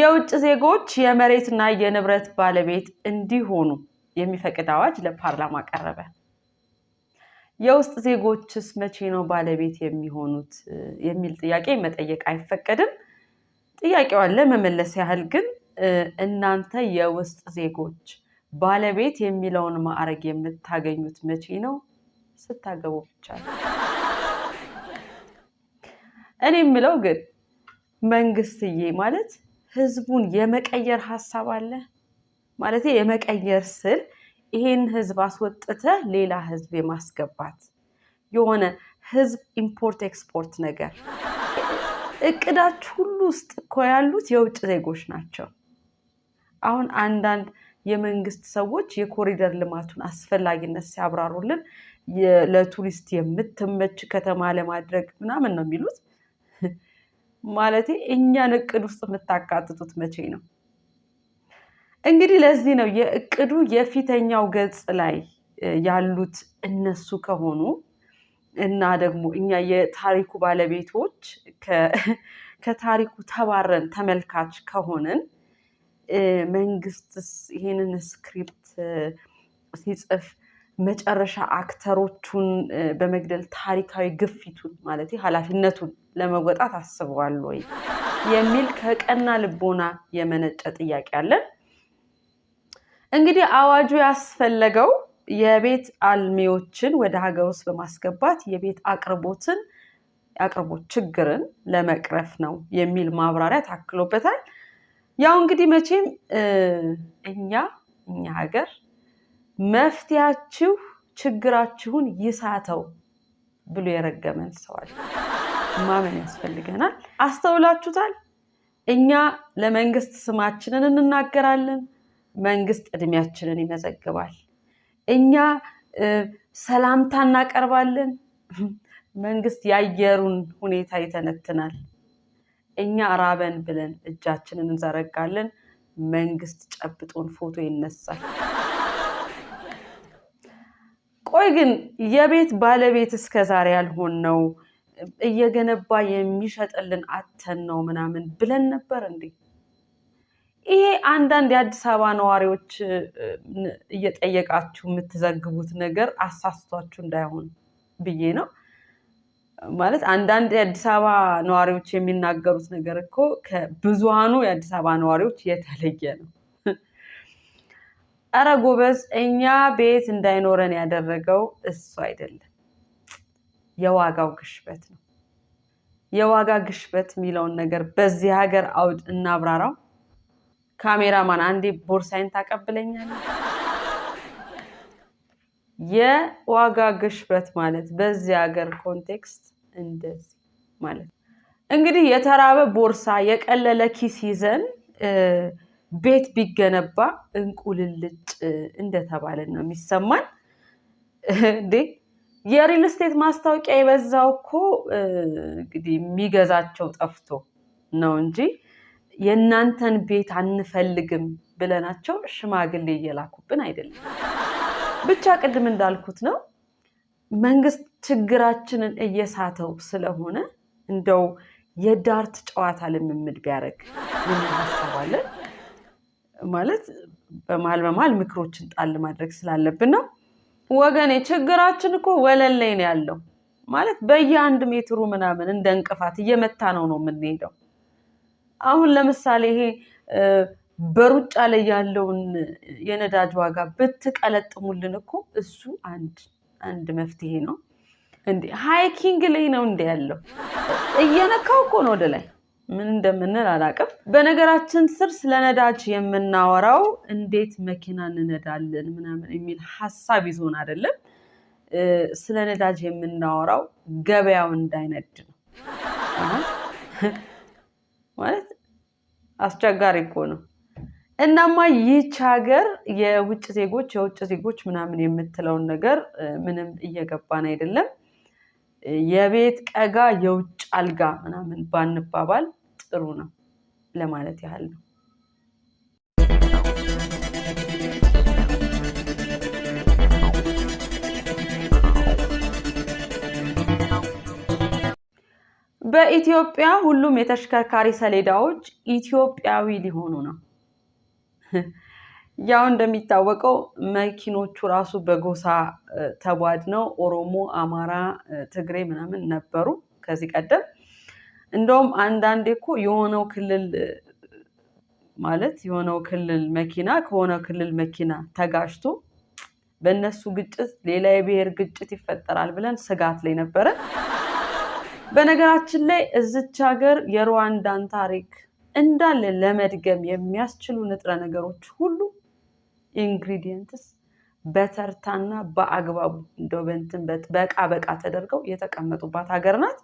የውጭ ዜጎች የመሬትና የንብረት ባለቤት እንዲሆኑ የሚፈቅድ አዋጅ ለፓርላማ ቀረበ። የውስጥ ዜጎችስ መቼ ነው ባለቤት የሚሆኑት የሚል ጥያቄ መጠየቅ አይፈቀድም። ጥያቄው አለ መመለስ ያህል ግን እናንተ የውስጥ ዜጎች ባለቤት የሚለውን ማዕረግ የምታገኙት መቼ ነው? ስታገቡ ብቻ ነው። እኔ የምለው ግን መንግስትዬ ማለት ህዝቡን የመቀየር ሀሳብ አለ ማለት የመቀየር ስል ይሄን ህዝብ አስወጥተ ሌላ ህዝብ የማስገባት የሆነ ህዝብ ኢምፖርት ኤክስፖርት ነገር እቅዳች ሁሉ ውስጥ እኮ ያሉት የውጭ ዜጎች ናቸው። አሁን አንዳንድ የመንግስት ሰዎች የኮሪደር ልማቱን አስፈላጊነት ሲያብራሩልን ለቱሪስት የምትመች ከተማ ለማድረግ ምናምን ነው የሚሉት። ማለት እኛን እቅድ ውስጥ የምታካትቱት መቼ ነው? እንግዲህ ለዚህ ነው የእቅዱ የፊተኛው ገጽ ላይ ያሉት እነሱ ከሆኑ እና ደግሞ እኛ የታሪኩ ባለቤቶች ከታሪኩ ተባረን ተመልካች ከሆንን መንግስትስ ይህንን ስክሪፕት ሲጽፍ መጨረሻ አክተሮቹን በመግደል ታሪካዊ ግፊቱን ማለት ኃላፊነቱን ለመወጣት አስበዋል ወይ የሚል ከቀና ልቦና የመነጨ ጥያቄ አለን። እንግዲህ አዋጁ ያስፈለገው የቤት አልሚዎችን ወደ ሀገር ውስጥ በማስገባት የቤት አቅርቦትን አቅርቦት ችግርን ለመቅረፍ ነው የሚል ማብራሪያ ታክሎበታል። ያው እንግዲህ መቼም እኛ እኛ ሀገር መፍትያችሁ ችግራችሁን ይሳተው ብሎ የረገመን ሰዋል። ማመን ያስፈልገናል። አስተውላችሁታል? እኛ ለመንግስት ስማችንን እንናገራለን፣ መንግስት እድሜያችንን ይመዘግባል። እኛ ሰላምታ እናቀርባለን፣ መንግስት የአየሩን ሁኔታ ይተነትናል። እኛ ራበን ብለን እጃችንን እንዘረጋለን፣ መንግስት ጨብጦን ፎቶ ይነሳል። ቆይ ግን የቤት ባለቤት እስከ ዛሬ ያልሆን ነው እየገነባ የሚሸጥልን አተን ነው ምናምን ብለን ነበር እንዴ? ይሄ አንዳንድ የአዲስ አበባ ነዋሪዎች እየጠየቃችሁ የምትዘግቡት ነገር አሳስቷችሁ እንዳይሆን ብዬ ነው። ማለት አንዳንድ የአዲስ አበባ ነዋሪዎች የሚናገሩት ነገር እኮ ከብዙሃኑ የአዲስ አበባ ነዋሪዎች የተለየ ነው። አረ ጎበዝ፣ እኛ ቤት እንዳይኖረን ያደረገው እሱ አይደለም። የዋጋው ግሽበት ነው። የዋጋ ግሽበት የሚለውን ነገር በዚህ ሀገር አውድ እናብራራው። ካሜራማን አንዴ ቦርሳይን ታቀብለኛል። የዋጋ ግሽበት ማለት በዚህ ሀገር ኮንቴክስት እንደዚህ ማለት እንግዲህ የተራበ ቦርሳ የቀለለ ኪስ ይዘን ቤት ቢገነባ እንቁልልጭ እንደተባለን ነው የሚሰማን እንዴ የሪል ስቴት ማስታወቂያ የበዛው እኮ እንግዲህ የሚገዛቸው ጠፍቶ ነው እንጂ የእናንተን ቤት አንፈልግም ብለናቸው ሽማግሌ እየላኩብን አይደለም። ብቻ ቅድም እንዳልኩት ነው መንግስት ችግራችንን እየሳተው ስለሆነ እንደው የዳርት ጨዋታ ልምምድ ቢያደርግ እናሳባለን። ማለት በመሀል በመሀል ምክሮችን ጣል ማድረግ ስላለብን ነው። ወገኔ ችግራችን እኮ ወለል ላይ ነው ያለው ማለት በየአንድ ሜትሩ ምናምን እንደ እንቅፋት እየመታ ነው ነው የምንሄደው። አሁን ለምሳሌ ይሄ በሩጫ ላይ ያለውን የነዳጅ ዋጋ ብትቀለጥሙልን እኮ እሱ አንድ አንድ መፍትሄ ነው። እንደ ሃይኪንግ ላይ ነው እንዲ ያለው እየነካው እኮ ነው ወደ ላይ ምን እንደምንል አላቅም በነገራችን ስር ስለ ነዳጅ የምናወራው እንዴት መኪና እንነዳለን ምናምን የሚል ሀሳብ ይዞን አይደለም። ስለ ነዳጅ የምናወራው ገበያው እንዳይነድ ነው። ማለት አስቸጋሪ እኮ ነው። እናማ ይህች ሀገር የውጭ ዜጎች የውጭ ዜጎች ምናምን የምትለውን ነገር ምንም እየገባን አይደለም። የቤት ቀጋ የውጭ አልጋ ምናምን ባንባባል ጥሩ ነው ለማለት ያህል ነው። በኢትዮጵያ ሁሉም የተሽከርካሪ ሰሌዳዎች ኢትዮጵያዊ ሊሆኑ ነው። ያው እንደሚታወቀው መኪኖቹ ራሱ በጎሳ ተቧድነው ኦሮሞ፣ አማራ፣ ትግሬ ምናምን ነበሩ ከዚህ ቀደም። እንደውም አንዳንዴ እኮ የሆነው ክልል ማለት የሆነው ክልል መኪና ከሆነ ክልል መኪና ተጋጭቶ በእነሱ ግጭት ሌላ የብሔር ግጭት ይፈጠራል ብለን ስጋት ላይ ነበረ። በነገራችን ላይ እዚች ሀገር የሩዋንዳን ታሪክ እንዳለ ለመድገም የሚያስችሉ ንጥረ ነገሮች ሁሉ ኢንግሪዲየንትስ በተርታና በአግባቡ እንደው በቃ በቃ ተደርገው የተቀመጡባት ሀገር ናት።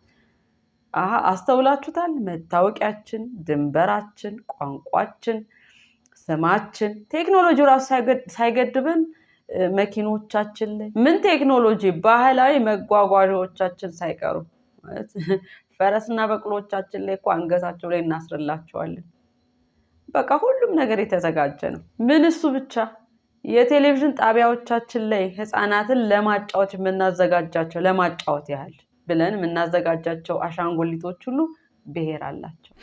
አሀ አስተውላችሁታል። መታወቂያችን፣ ድንበራችን፣ ቋንቋችን፣ ስማችን ቴክኖሎጂ ራሱ ሳይገድብን መኪኖቻችን ላይ ምን ቴክኖሎጂ ባህላዊ መጓጓዣዎቻችን ሳይቀሩ ፈረስና በቅሎቻችን ላይ እኮ አንገታቸው ላይ እናስርላቸዋለን። በቃ ሁሉም ነገር የተዘጋጀ ነው። ምን እሱ ብቻ የቴሌቪዥን ጣቢያዎቻችን ላይ ህፃናትን ለማጫወት የምናዘጋጃቸው ለማጫወት ያህል ብለን የምናዘጋጃቸው አሻንጉሊቶች ሁሉ ብሔር አላቸው።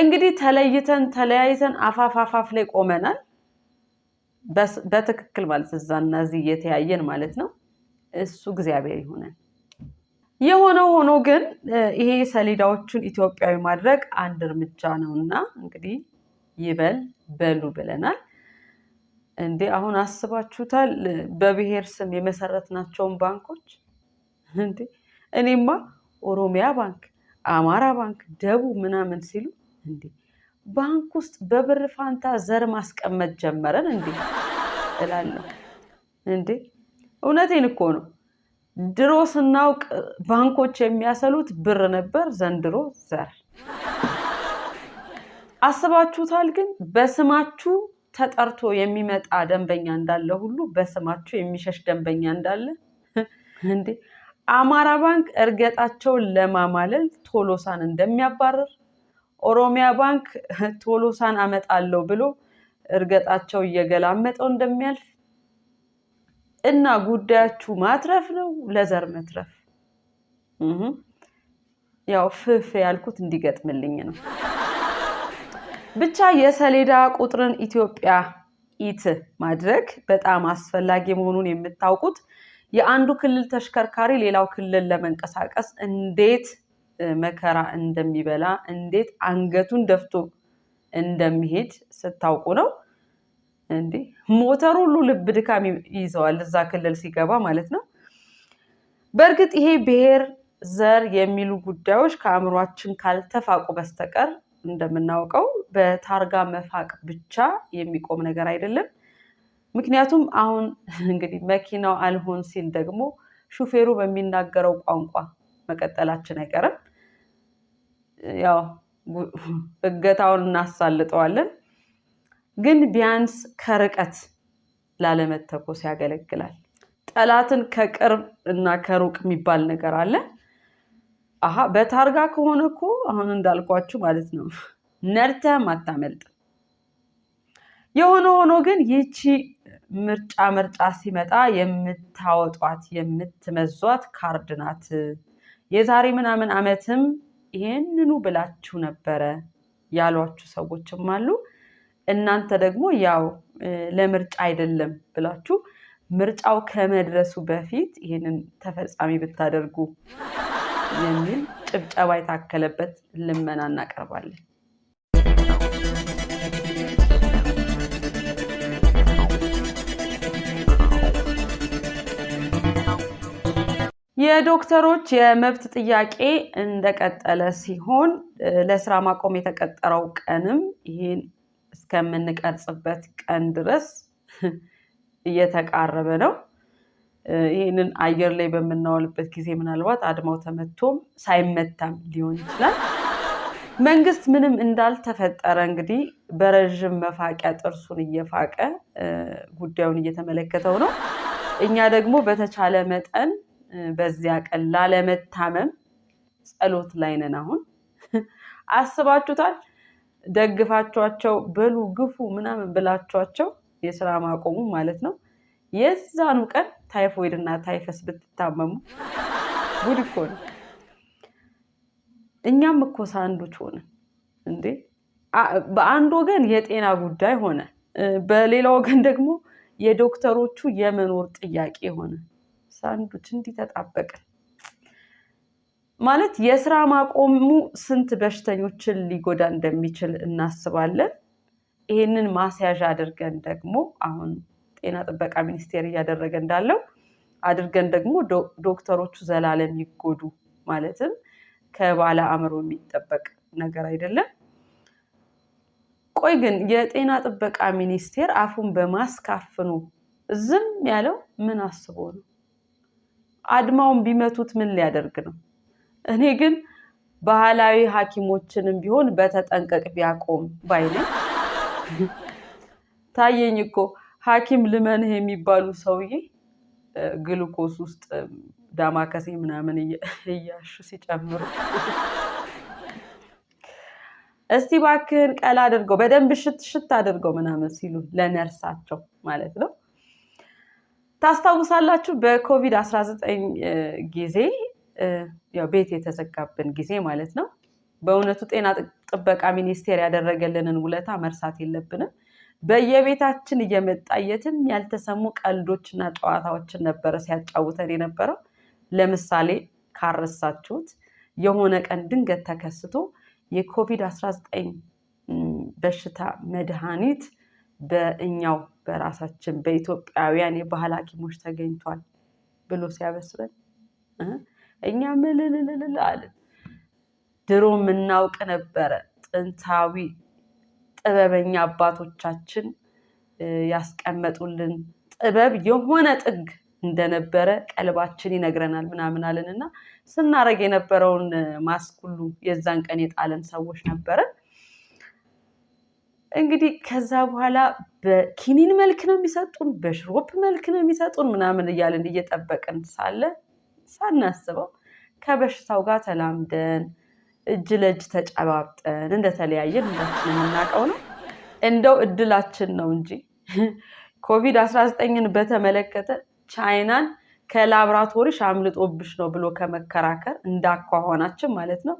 እንግዲህ ተለይተን ተለያይተን አፋፋፋፍ ላይ ቆመናል። በትክክል ማለት እዛ እና እዚህ እየተያየን ማለት ነው። እሱ እግዚአብሔር ይሆነ። የሆነ ሆኖ ግን ይሄ ሰሌዳዎቹን ኢትዮጵያዊ ማድረግ አንድ እርምጃ ነው እና እንግዲህ ይበል በሉ ብለናል። እንዴ አሁን አስባችሁታል? በብሔር ስም የመሰረትናቸውን ባንኮች እንዴ እኔማ ኦሮሚያ ባንክ፣ አማራ ባንክ፣ ደቡብ ምናምን ሲሉ እንዴ ባንክ ውስጥ በብር ፋንታ ዘር ማስቀመጥ ጀመረን እንዴ እላለሁ። እንዴ እውነቴን እኮ ነው። ድሮ ስናውቅ ባንኮች የሚያሰሉት ብር ነበር፣ ዘንድሮ ዘር አስባችሁታል? ግን በስማችሁ ተጠርቶ የሚመጣ ደንበኛ እንዳለ ሁሉ በስማቸው የሚሸሽ ደንበኛ እንዳለ እንዴ! አማራ ባንክ እርገጣቸውን ለማማለል ቶሎሳን እንደሚያባረር፣ ኦሮሚያ ባንክ ቶሎሳን አመጣለሁ ብሎ እርገጣቸው እየገላመጠው እንደሚያልፍ እና ጉዳያችሁ ማትረፍ ነው ለዘር መትረፍ። ያው ፍፍ ያልኩት እንዲገጥምልኝ ነው። ብቻ የሰሌዳ ቁጥርን ኢትዮጵያ ኢት ማድረግ በጣም አስፈላጊ መሆኑን የምታውቁት የአንዱ ክልል ተሽከርካሪ ሌላው ክልል ለመንቀሳቀስ እንዴት መከራ እንደሚበላ እንዴት አንገቱን ደፍቶ እንደሚሄድ ስታውቁ ነው። እንዴ ሞተር ሁሉ ልብ ድካም ይዘዋል እዛ ክልል ሲገባ ማለት ነው። በእርግጥ ይሄ ብሔር፣ ዘር የሚሉ ጉዳዮች ከአእምሯችን ካልተፋቁ በስተቀር እንደምናውቀው በታርጋ መፋቅ ብቻ የሚቆም ነገር አይደለም። ምክንያቱም አሁን እንግዲህ መኪናው አልሆን ሲል ደግሞ ሹፌሩ በሚናገረው ቋንቋ መቀጠላችን አይቀርም። ያው እገታውን እናሳልጠዋለን። ግን ቢያንስ ከርቀት ላለመተኮስ ያገለግላል። ጠላትን ከቅርብ እና ከሩቅ የሚባል ነገር አለ። አሀ በታርጋ ከሆነ እኮ አሁን እንዳልኳችሁ ማለት ነው ነድተህም ማታመልጥ የሆነ ሆኖ ግን ይቺ ምርጫ ምርጫ ሲመጣ የምታወጧት የምትመዟት ካርድ ናት። የዛሬ ምናምን ዓመትም ይሄንኑ ብላችሁ ነበረ ያሏችሁ ሰዎችም አሉ። እናንተ ደግሞ ያው ለምርጫ አይደለም ብላችሁ ምርጫው ከመድረሱ በፊት ይህንን ተፈጻሚ ብታደርጉ የሚል ጭብጨባ የታከለበት ልመና እናቀርባለን። የዶክተሮች የመብት ጥያቄ እንደቀጠለ ሲሆን ለስራ ማቆም የተቀጠረው ቀንም ይህን እስከምንቀርጽበት ቀን ድረስ እየተቃረበ ነው። ይህንን አየር ላይ በምናውልበት ጊዜ ምናልባት አድማው ተመቶም ሳይመታም ሊሆን ይችላል። መንግስት ምንም እንዳልተፈጠረ እንግዲህ በረዥም መፋቂያ ጥርሱን እየፋቀ ጉዳዩን እየተመለከተው ነው። እኛ ደግሞ በተቻለ መጠን በዚያ ቀን ላለመታመም ጸሎት ላይ ነን። አሁን አስባችሁታል? ደግፋችኋቸው በሉ ግፉ ምናምን ብላችኋቸው የስራ ማቆሙ ማለት ነው የዛኑ ቀን ታይፎይድ እና ታይፈስ ብትታመሙ ጉድ እኮ ነው። እኛም እኮ ሳንዱች ሆነ እንዴ! በአንድ ወገን የጤና ጉዳይ ሆነ፣ በሌላ ወገን ደግሞ የዶክተሮቹ የመኖር ጥያቄ ሆነ። ሳንዱች እንዲህ ተጣበቅን ማለት የስራ ማቆሙ ስንት በሽተኞችን ሊጎዳ እንደሚችል እናስባለን። ይህንን ማስያዣ አድርገን ደግሞ አሁን ጤና ጥበቃ ሚኒስቴር እያደረገ እንዳለው አድርገን ደግሞ ዶክተሮቹ ዘላለም ይጎዱ ማለትም ከባለ አእምሮ የሚጠበቅ ነገር አይደለም። ቆይ ግን የጤና ጥበቃ ሚኒስቴር አፉን በማስክ አፍኖ ዝም ያለው ምን አስቦ ነው? አድማውን ቢመቱት ምን ሊያደርግ ነው? እኔ ግን ባህላዊ ሐኪሞችንም ቢሆን በተጠንቀቅ ቢያቆም ባይነ ታየኝ እኮ ሐኪም ልመንህ የሚባሉ ሰውዬ ግሉኮስ ውስጥ ዳማከሴ ምናምን እያሹ ሲጨምሩ እስቲ ባክህን ቀላ አድርገው በደንብ ሽት ሽት አድርገው ምናምን ሲሉ ለነርሳቸው ማለት ነው። ታስታውሳላችሁ በኮቪድ-19 ጊዜ ያው ቤት የተዘጋብን ጊዜ ማለት ነው። በእውነቱ ጤና ጥበቃ ሚኒስቴር ያደረገልንን ውለታ መርሳት የለብንም። በየቤታችን እየመጣ የትም ያልተሰሙ ቀልዶችና ጨዋታዎችን ነበረ ሲያጫውተን የነበረው። ለምሳሌ ካረሳችሁት የሆነ ቀን ድንገት ተከስቶ የኮቪድ-19 በሽታ መድኃኒት በእኛው በራሳችን በኢትዮጵያውያን የባህል ሐኪሞች ተገኝቷል ብሎ ሲያበስበን እኛ ምልልልልል አለን። ድሮ የምናውቅ ነበረ ጥንታዊ ጥበበኛ አባቶቻችን ያስቀመጡልን ጥበብ የሆነ ጥግ እንደነበረ ቀልባችን ይነግረናል ምናምን አለን እና ስናረግ የነበረውን ማስክ ሁሉ የዛን ቀን የጣለን ሰዎች ነበረን። እንግዲህ ከዛ በኋላ በኪኒን መልክ ነው የሚሰጡን፣ በሽሮፕ መልክ ነው የሚሰጡን ምናምን እያለን እየጠበቅን ሳለ ሳናስበው ከበሽታው ጋር ተላምደን እጅ ለእጅ ተጨባብጠን እንደተለያየን ሁላችን የምናውቀው ነው። እንደው እድላችን ነው እንጂ ኮቪድ 19ን በተመለከተ ቻይናን ከላብራቶሪሽ አምልጦብሽ ነው ብሎ ከመከራከር እንዳኳኋናችን ማለት ነው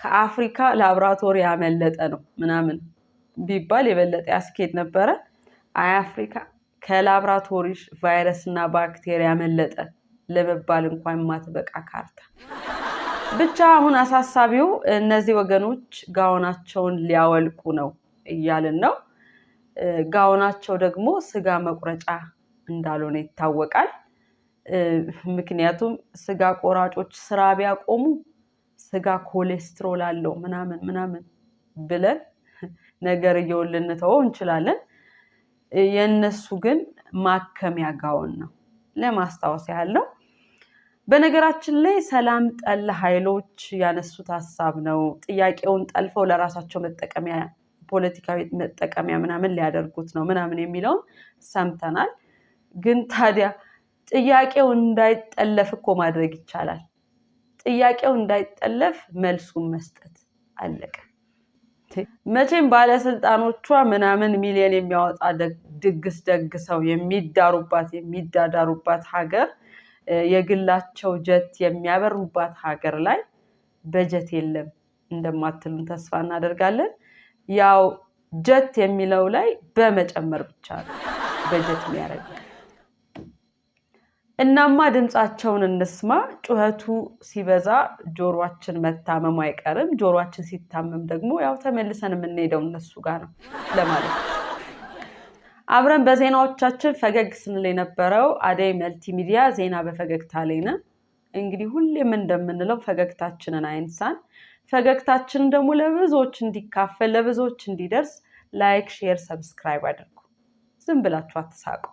ከአፍሪካ ላብራቶሪ ያመለጠ ነው ምናምን ቢባል የበለጠ ያስኬድ ነበረ። አይ አፍሪካ ከላብራቶሪሽ ቫይረስ እና ባክቴሪያ ያመለጠ ለመባል እንኳን ማትበቃ ካርታ ብቻ አሁን አሳሳቢው እነዚህ ወገኖች ጋውናቸውን ሊያወልቁ ነው እያልን ነው። ጋውናቸው ደግሞ ስጋ መቁረጫ እንዳልሆነ ይታወቃል። ምክንያቱም ስጋ ቆራጮች ስራ ቢያቆሙ ስጋ ኮሌስትሮል አለው ምናምን ምናምን ብለን ነገርየውን ልንተወው እንችላለን። የእነሱ ግን ማከሚያ ጋውን ነው። ለማስታወስ ያህል ነው። በነገራችን ላይ ሰላም ጠል ኃይሎች ያነሱት ሀሳብ ነው። ጥያቄውን ጠልፈው ለራሳቸው መጠቀሚያ ፖለቲካዊ መጠቀሚያ ምናምን ሊያደርጉት ነው ምናምን የሚለውን ሰምተናል። ግን ታዲያ ጥያቄው እንዳይጠለፍ እኮ ማድረግ ይቻላል። ጥያቄው እንዳይጠለፍ መልሱን መስጠት አለቀ። መቼም ባለስልጣኖቿ ምናምን ሚሊዮን የሚያወጣ ድግስ ደግሰው የሚዳሩባት የሚዳዳሩባት ሀገር የግላቸው ጀት የሚያበሩባት ሀገር ላይ በጀት የለም እንደማትሉን ተስፋ እናደርጋለን። ያው ጀት የሚለው ላይ በመጨመር ብቻ ነው በጀት የሚያደርግ። እናማ ድምፃቸውን እንስማ። ጩኸቱ ሲበዛ ጆሯችን መታመሙ አይቀርም። ጆሯችን ሲታመም ደግሞ ያው ተመልሰን የምንሄደው እነሱ ጋር ነው ለማለት ነው። አብረን በዜናዎቻችን ፈገግ ስንል የነበረው አደይ መልቲ ሚዲያ ዜና በፈገግታ ላይ ነን። እንግዲህ ሁሌም እንደምንለው ፈገግታችንን አይንሳን። ፈገግታችን ደግሞ ለብዙዎች እንዲካፈል ለብዙዎች እንዲደርስ ላይክ፣ ሼር፣ ሰብስክራይብ አድርጉ። ዝም ብላችሁ አትሳቁ።